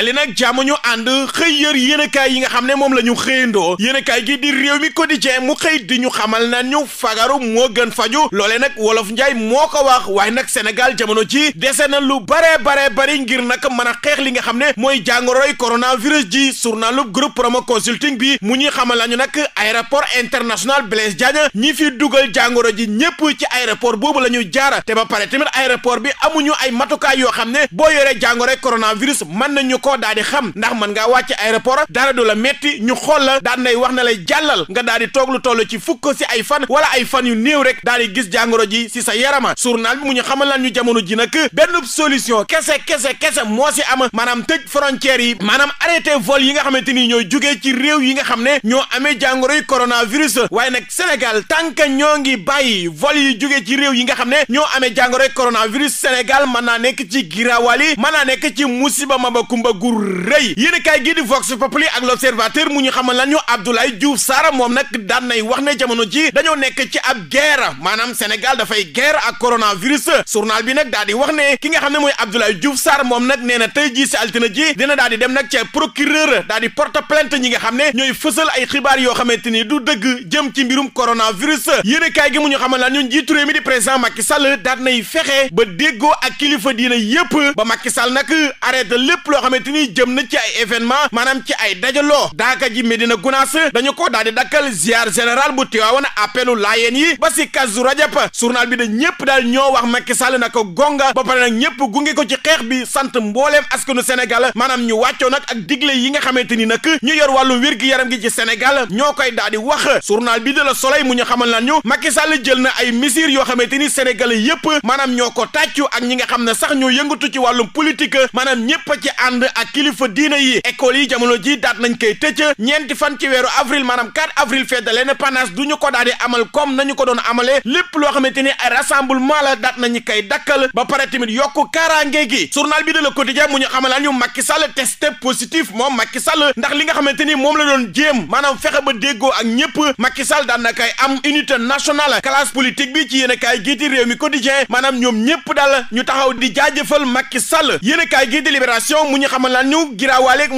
fàttali nag jàmm ñu ànd xëy yër yéenekaay yi nga xam ne moom la ñu xëyandoo yéenekaay gi di réew mi quotidien mu xëy di ñu xamal na ñu fagaru moo gën faju loole nag wolof njaay moo ko wax waaye nag Sénégal jamono ji dese na lu bare bare bari ngir nag mën a xeex li nga xam ne mooy jàngoroy coronavirus ji journalub groupe promo consulting bi mu ñuy xamal nañu nag aéroport international Blaise Diagne ñi fi dugal jàngoro ji ñëpp ci aéroport boobu la ñu jaara ba pare tamit aéroport bi amuñu ay matukaay yoo xam ne boo yoree jàngoroy coronavirus mën nañu ko koo daa di xam ndax mën ngaa wàcc aéroport dara du la metti ñu xool la daan nay wax na la jàllal nga daa di toog lu toll ci fukk si ay fan wala ay fan yu néew rek daa di gis jàngoro ji si sa yarama journal bi mu ñu xamal lan ñu jamono ji nag benn solution kese kese kese moo si am maanaam tëj frontières yi maanaam arrêté vol yi nga xamante ni ñooy jugee ci réew nga xam ne ñoo amee jàngoro yi coronavirus waaye nag Sénégal tant que ñoo ngi bàyyi vol yi jugee ci réew yi nga xam ne ñoo amee jàngoro yi coronavirus Sénégal mën naa nekk ci giraawal yi mën naa nekk ci musiba maba kumba gu rëy yéen kaay gi di Vox Populi ak l'Observateur mu ñu xamal lan ñu Abdoulaye Diouf Sarr moom nag daan nay wax ne jamono ji dañoo nekk ci ab guerre maanaam Sénégal dafay guerre ak coronavirus journal bi nag daa di wax ne ki nga xam ne mooy Abdoulaye Diouf Sarr moom nag nee na tey jii si altine ji dina daal di dem nag ca procureur daal di porte plainte ñi nga xam ne ñooy fësal ay xibaar yoo xamante ni du dëgg jëm ci mbirum coronavirus yéen kaay gi mu ñu xamal lan ñu njiitu réew mi di président Macky Sall daal nay fexe ba déggoo ak kilifa diina yépp ba Macky Sall nag arrêté lépp loo xamante ni jëm na ci ay événement maanaam ci ay dajaloo daaka ji Medina Gunaas dañu ko daal di dakkal ziar général bu Tiwaawan appelu laayeen yi ba si Kazu Rajab journal bi da ñëpp daal ñoo wax Macky Sall na ko gonga ba pare nag ñëpp gunge ko ci xeex bi sant mbooleem askanu Sénégal maanaam ñu wàccoo nag ak digle yi nga xamante ni nag ñu yor wàllu wér gi yaram gi ci Sénégal ñoo koy daal di wax journal bi de la Soleil mu ñu xamal lan ñu Macky Sall jël na ay mesures yoo xamante ni Sénégal yëpp maanaam ñoo ko tàccu ak ñi nga xam ne sax ñoo yëngatu ci wàllum politique maanaam ñëpp ci ànd ak kilifa diina yi école yi jamono ji daat nañ koy tëj ñeenti fan ci avril maanaam 4 avril fête de l'indépendance du ñu ko daal di amal comme nañu ko doon amalee lépp loo xamante ni ay rassemblement la daat nañu koy dakkal ba pare tamit yokku kaaraange gi journal bi de Le Quotidien mu ñu xamalaan ñu Macky Sall testé positif moom Macky ndax li nga xamante ni moom la doon jéem maanaam fexe ba déggoo ak ñëpp Macky Sall daan na koy am unité nationale classe politique bi ci yéen a kaay gii di réew mi quotidien maanaam ñoom ñëpp daal ñu taxaw Sall yéen a kaay gii di libération ñu xam xamal lan ñu giraawaaleeg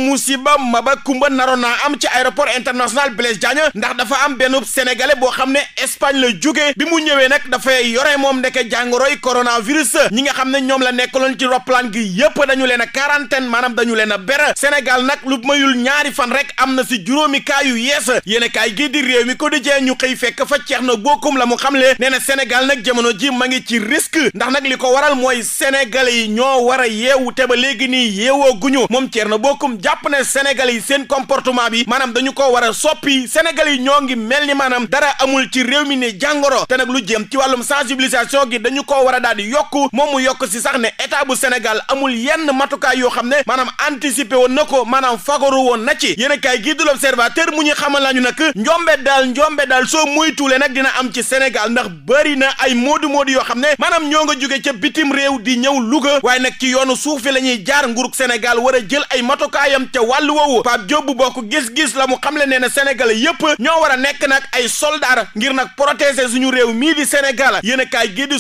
ma maba kumba naroon naa am ci aéroport international Blaise Diagne ndax dafa am benn sénégalais boo xam ne Espagne la jógee bi mu ñëwee nag dafay yore moom ndeke jàngoroy coronavirus ñi nga xam ne ñoom la nekkaloon ci roplaan gi yëpp dañu leen a quarantaine maanaam dañu leen a ber Sénégal nag lu mayul ñaari fan rek am na si juróomi kaa yu yees yéen a kaay gii di réew mi ko di jee ñu xëy fekk fa ceex na bokkum la mu xamle nee na Sénégal nag jamono ji ma ngi ci risque ndax nag li ko waral mooy sénégalais yi ñoo war a yeewu ba léegi nii yeewoo ñu moom na Thierno Bocoum jàpp na Sénégalais yi seen comportement bi maanaam dañu koo war a soppi Sénégalais yi ñoo ngi mel ni maanaam dara amul ci réew mi ne jàngoro te lu jëm ci wàllum sensibilisation gi dañu koo war a daal di yokku moom mu yokk si sax ne état bu Sénégal amul yenn matukaay yoo xam ne maanaam anticiper woon na ko maanaam fagaru woon na ci yéen a kaay gii du mu ñu xamal lañu nag njombe daal njombe daal soo muy tuule nag dina am ci Sénégal ndax bëri na ay moodu moodu yoo xam ne maanaam ñoo nga jóge ca bitim réew di ñëw Louga waaye nag ci yoonu suuf fi jaar nguurug Sénégal war a jël ay matukaayam ca wàll woowu Pape Diop bokk gis-gis la mu xamle nee na sénégalais yépp ñoo war a nekk nag ay soldaar ngir nag protéger suñu réew mii di Sénégal yéen a kaay gii di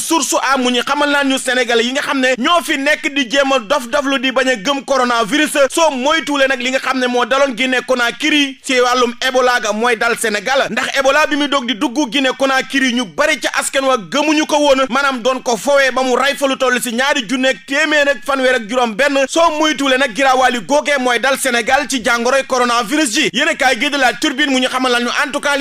mu ñu xamal naa ñu sénégalais yi nga xam ne ñoo fi nekk di jéem a dof doflu di bañ a gëm coronavirus soo moytuwulee nag li nga xam ne moo daloon Guinée Conakry ci wàllum Ebola ga mooy dal Sénégal ndax Ebola bi muy dog di dugg Guinée Conakry ñu bari ca askan wa gëmuñu ko woon maanaam doon ko fowee ba mu ray fa lu toll si ñaari junneeg téeméer ak fanweer ak juróom benn soo moytuwulee nag nag giraawaali googee mooy dal Sénégal ci jàngoroy coronavirus ji yéen kaay gi de la turbine mu ñu xamal lañu en tout cas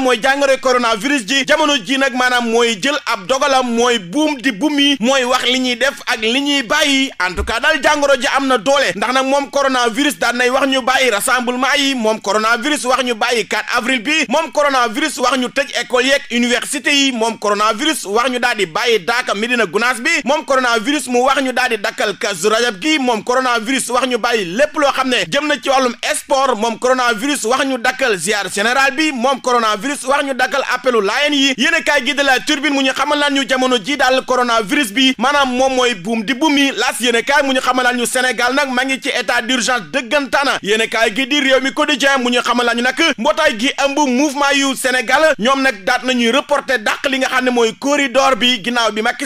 mooy jàngoroy coronavirus ji jamono ji nag maanaam mooy jël ab dogalam mooy buum di bumi mooy wax li ñuy def ak li ñuy bàyyi en tout cas daal jàngoro ji am na doole ndax nag moom coronavirus daan nay wax ñu bàyyi rassemblement yi moom coronavirus wax ñu bàyyi 4 avril bi moom coronavirus wax ñu tëj école yeeg université yi wax ñu daal di bàyyi daaka Medina Gunaas bi moom wax ñu daal di dakkal Kazu Rajab gi coronavirus wax ñu bàyyi lépp loo xam ne jëm na ci wàllum sport moom coronavirus wax ñu dakkal ziar général bi moom coronavirus wax ñu dakkal appelu laayeen yi yéen a gi de la mu ñu xamal ñu jamono ji daal coronavirus bi maanaam moom mooy buum di buum yi las yéen a mu ñu xamal ñu Sénégal nag ma ci état d'urgence dëggantaana yéen a kaay gi di réew mi quotidien mu ñu xamal ñu nag mbootaay gi ëmb mouvement yu Sénégal ñoom ne mooy corridor bi ginnaaw bi Macky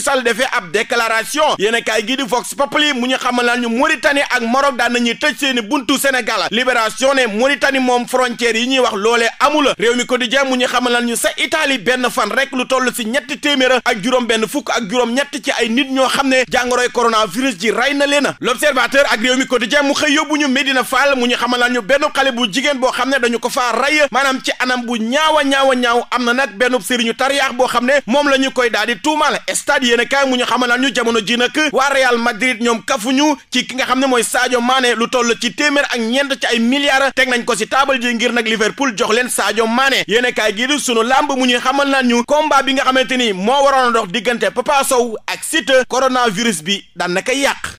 a ak Maroc daan nañuy tëj seeni buntu Sénégal libération ne Mauritanie moom frontière yi ñuy wax loolee amula réew mi quotidien mu ñu xamal lan ñu sa Italie benn fan rek lu toll si ñetti téeméer ak juróom benn fukk ak juróom ci ay nit ñoo xam ne jàngoroy coronavirus ji rey na leen l'observateur ak réew mi quotidien mu xëy yóbbu ñu Medina Fall mu ñu xamal lan ñu benn xale bu jigéen boo xam ne dañu ko faa rey maanaam ci anam bu ñaaw a ñaaw a ñaaw am na nag benn sëriñu tariyaax boo xam ne moom la ñu koy daal di tuumal stade yéen a kaay mu ñu xamal lan ñu jamono ji nag waa Real Madrid ñoom kafuñu ci ki nga xam ne mooy Sadio maane lu toll ci téeméer ak ñeent ci ay milliards teg nañ ko si taabal ji ngir nag Liverpool jox leen Sadio Mané yéene kaay gii di sunu làmb mu ñuy xamal naan ñu combat bi nga xamante ni moo waroon a dox diggante Papa Sow ak Siteu coronavirus bi daan kay yàq